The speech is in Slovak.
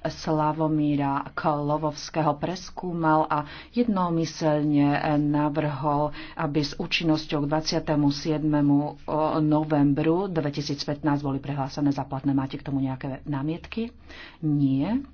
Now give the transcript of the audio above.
Slavomíra Kolovovského preskúmal a jednomyselne navrhol, aby s účinnosťou k 27. novembru 2015 boli prehlásené za platné. Máte k tomu nejaké námietky? Nie.